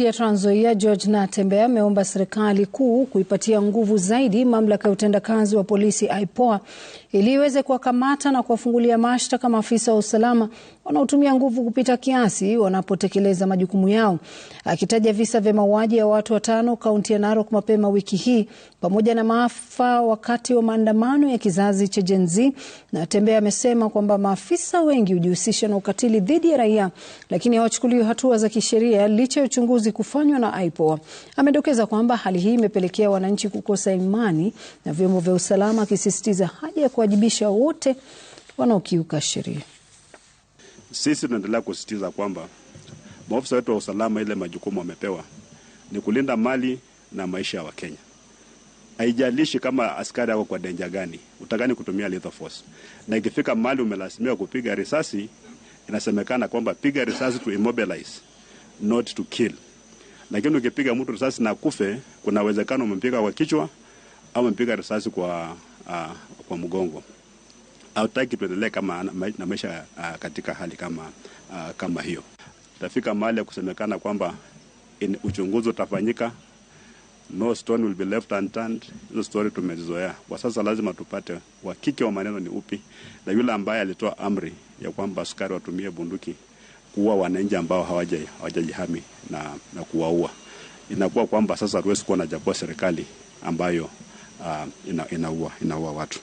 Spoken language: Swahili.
Kaunti ya Trans Nzoia, George Natembeya ameomba serikali kuu kuipatia nguvu zaidi mamlaka ya utendakazi wa polisi IPOA ili iweze kuwakamata na kuwafungulia mashtaka maafisa wa usalama wanaotumia nguvu kupita kiasi wanapotekeleza majukumu yao. Akitaja visa vya mauaji ya watu watano kaunti ya Narok mapema wiki hii pamoja na maafa wakati wa maandamano ya kizazi cha Gen Z, Natembeya amesema kwamba maafisa wengi hujihusisha na ukatili dhidi ya raia lakini hawachukuliwi hatua za kisheria licha ya uchunguzi uchunguzi kufanywa na IPOA. Amedokeza kwamba hali hii imepelekea wananchi kukosa imani na vyombo vya usalama, akisisitiza haja ya kuwajibisha wote wanaokiuka sheria. Sisi tunaendelea kusisitiza kwamba maofisa wetu wa usalama, ile majukumu wamepewa ni kulinda mali na maisha ya Wakenya. Haijalishi kama askari ako kwa denja gani, utagani kutumia lethal force, na ikifika mali umelazimika kupiga risasi, inasemekana kwamba piga risasi to immobilize, not to kill. Lakini ukipiga mtu risasi na kufe, kuna uwezekano umempiga kwa kichwa au umempiga risasi kwa, uh, kwa mgongo. Hautaki tuendelee kama na maisha uh, katika hali kama, uh, kama hiyo. Tafika mahali ya kusemekana kwamba uchunguzi utafanyika, no stone will be left unturned. Hizo story tumezizoea kwa sasa, lazima tupate uhakika wa maneno ni upi na yule ambaye alitoa amri ya kwamba askari watumie bunduki kuua wananchi ambao hawajajihami na, na kuwaua. Inakuwa kwamba sasa hatuwezi kuwa na jakuwa serikali ambayo uh, inaua inaua watu.